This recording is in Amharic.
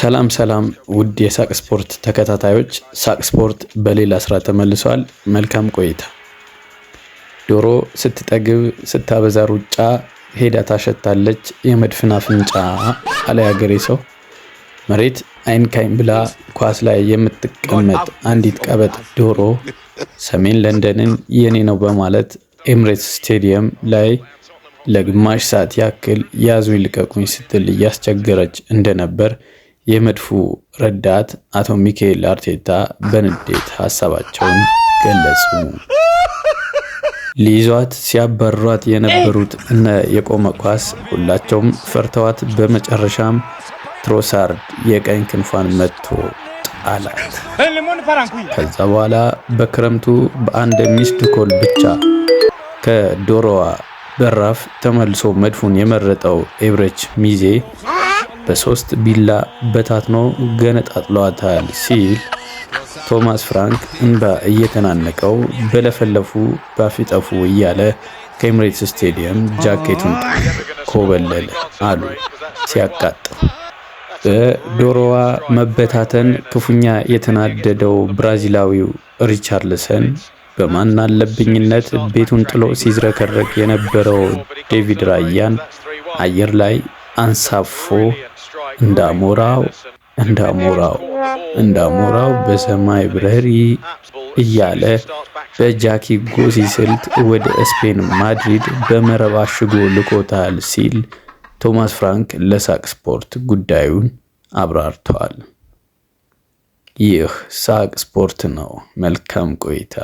ሰላም ሰላም ውድ የሳቅ ስፖርት ተከታታዮች፣ ሳቅ ስፖርት በሌላ ስራ ተመልሷል። መልካም ቆይታ። ዶሮ ስትጠግብ ስታበዛ ሩጫ ሄዳ ታሸታለች የመድፍን አፍንጫ አለ ያገሬ ሰው። መሬት አይንካኝ ብላ ኳስ ላይ የምትቀመጥ አንዲት ቀበጥ ዶሮ ሰሜን ለንደንን የኔ ነው በማለት ኤምሬት ስቴዲየም ላይ ለግማሽ ሰዓት ያክል ያዙኝ ልቀቁኝ ስትል እያስቸገረች እንደነበር የመድፉ ረዳት አቶ ሚካኤል አርቴታ በንዴት ሀሳባቸውን ገለጹ። ሊይዟት ሲያባሯት የነበሩት እነ የቆመ ኳስ ሁላቸውም ፈርተዋት፣ በመጨረሻም ትሮሳርድ የቀኝ ክንፏን መጥቶ አላት። ከዛ በኋላ በክረምቱ በአንድ ሚስድ ኮል ብቻ ከዶሮዋ በራፍ ተመልሶ መድፉን የመረጠው ኤብረች ሚዜ በሶስት ቢላ በታትኖ ገነጣጥለዋታል ሲል ቶማስ ፍራንክ እንባ እየተናነቀው በለፈለፉ ባፊጠፉ እያለ ከኤምሬትስ ስቴዲየም ጃኬቱን ኮበለለ አሉ ሲያቃጥል። በዶሮዋ መበታተን ክፉኛ የተናደደው ብራዚላዊው ሪቻርልሰን በማን ቤቱን ጥሎ ሲዝረከረክ የነበረው ዴቪድ ራያን አየር ላይ አንሳፎ እንዳሞራው እንዳሞራው እንዳሞራው በሰማይ ብረሪ እያለ በጃኪ ጎሲ ስልት ወደ ስፔን ማድሪድ በመረብ አሽጎ ልኮታል ሲል ቶማስ ፍራንክ ለሳቅ ስፖርት ጉዳዩን አብራርተዋል። ይህ ሳቅ ስፖርት ነው። መልካም ቆይታ።